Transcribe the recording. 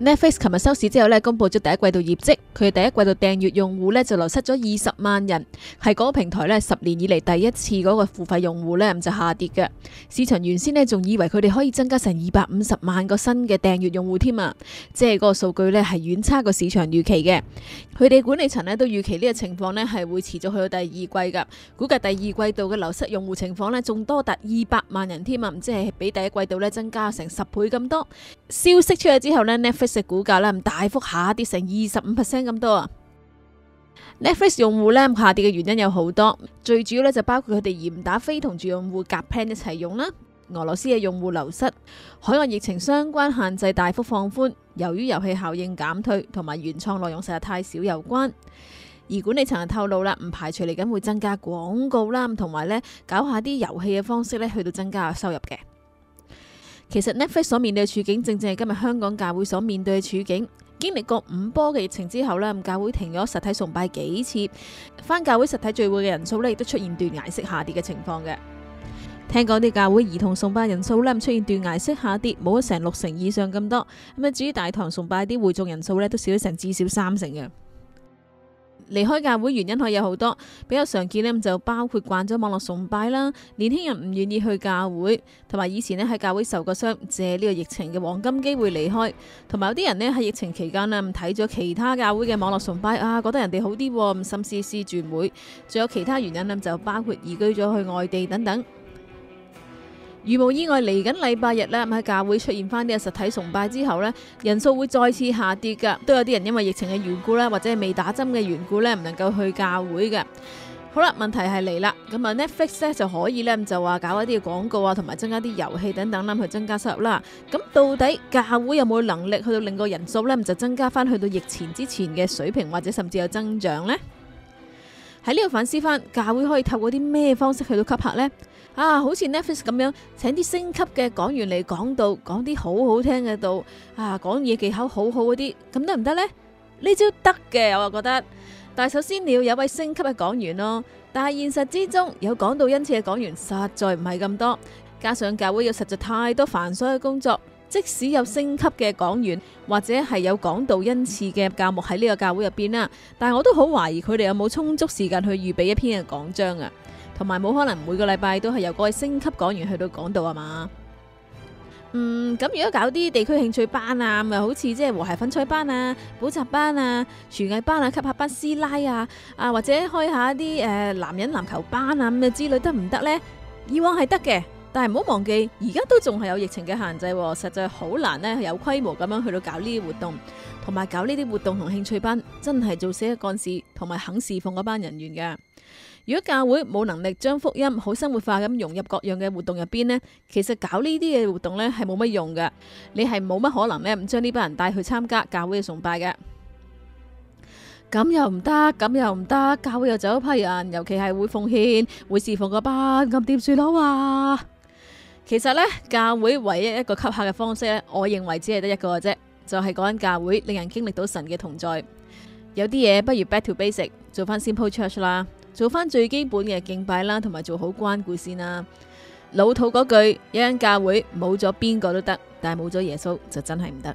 Netflix 琴日收市之後呢，公布咗第一季度業績。佢嘅第一季度訂閱用戶呢，就流失咗二十萬人，係嗰個平台呢，十年以嚟第一次嗰個付費用戶呢，咁就下跌嘅。市場原先呢，仲以為佢哋可以增加成二百五十萬個新嘅訂閱用戶添啊，即係嗰個數據咧係遠差過市場預期嘅。佢哋管理層呢，都預期呢個情況呢，係會持續去到第二季㗎。估計第二季度嘅流失用戶情況呢，仲多達二百萬人添啊，唔知係比第一季度呢，增加成十倍咁多。消息出咗之後呢，Netflix 食股價啦，大幅下跌成二十五 percent 咁多啊！Netflix 用戶咧下跌嘅原因有好多，最主要咧就包括佢哋嚴打非同住用戶夾 plan 一齊用啦，俄羅斯嘅用戶流失，海外疫情相關限制大幅放寬，由於遊戲效應減退同埋原創內容實在太少有關。而管理層透露啦，唔排除嚟緊會增加廣告啦，同埋咧搞下啲遊戲嘅方式咧去到增加收入嘅。其實 Netflix 所面對嘅處境，正正係今日香港教會所面對嘅處境。經歷過五波嘅疫情之後呢，教會停咗實體崇拜幾次，返教會實體聚會嘅人數呢，亦都出現斷崖式下跌嘅情況嘅。聽講啲教會兒童崇拜人數呢，出現斷崖式下跌，冇咗成六成以上咁多。咁啊，至於大堂崇拜啲會眾人數呢，都少咗成至少三成嘅。離開教會原因可以有好多，比較常見呢，就包括慣咗網絡崇拜啦，年輕人唔願意去教會，同埋以前咧喺教會受過傷，借呢個疫情嘅黃金機會離開，同埋有啲人呢，喺疫情期間啦睇咗其他教會嘅網絡崇拜啊，覺得人哋好啲，咁甚至心思思轉會，仲有其他原因呢，就包括移居咗去外地等等。如無意外嚟緊禮拜日咧，喺教會出現翻啲實體崇拜之後呢，人數會再次下跌噶。都有啲人因為疫情嘅緣故啦，或者未打針嘅緣故呢，唔能夠去教會嘅。好啦，問題係嚟啦，咁啊 Netflix 呢，就可以呢，就話搞一啲嘅廣告啊，同埋增加啲遊戲等等啦，去增加收入啦。咁到底教會有冇能力去到令個人數呢？就增加翻去到疫情之前嘅水平，或者甚至有增長呢？喺呢度反思翻，教會可以透過啲咩方式去到吸客呢？啊，好似 Netflix 咁樣，請啲星級嘅講員嚟講道，講啲好好聽嘅道，啊，講嘢技巧好好嗰啲，咁得唔得呢？呢招得嘅，我又覺得。但係首先你要有位星級嘅講員咯，但係現實之中有講道恩賜嘅講員實在唔係咁多，加上教會有實在太多繁瑣嘅工作。即使有升級嘅講員或者係有講道恩賜嘅教牧喺呢個教會入邊啦，但係我都好懷疑佢哋有冇充足時間去預備一篇嘅講章啊，同埋冇可能每個禮拜都係由各位升級講員去到講道啊嘛。嗯，咁如果搞啲地區興趣班啊，咁啊好似即係和諧粉彩班啊、補習班啊、廚藝班啊、吸下班師奶啊，啊或者開下啲誒男人籃球班啊咁嘅之類得唔得呢？以往係得嘅。但係唔好忘記，而家都仲係有疫情嘅限制，實在好難呢，有規模咁樣去到搞呢啲活動，同埋搞呢啲活動同興趣班，真係做死一個幹事，同埋肯侍奉嗰班人員嘅。如果教會冇能力將福音好生活化咁融入各樣嘅活動入邊呢，其實搞呢啲嘅活動呢係冇乜用嘅。你係冇乜可能呢，唔將呢班人帶去參加教會嘅崇拜嘅。咁又唔得，咁又唔得，教會又走一批人，尤其係會奉獻、會侍奉嗰班，咁點算好啊？其實咧教會唯一一個吸客嘅方式咧，我認為只係得一個嘅啫，就係講緊教會令人經歷到神嘅同在。有啲嘢不如 back to basic，做翻 simple church 啦，做翻最基本嘅敬拜啦，同埋做好關顧先啦。老土嗰句，有人教會冇咗邊個都得，但係冇咗耶穌就真係唔得。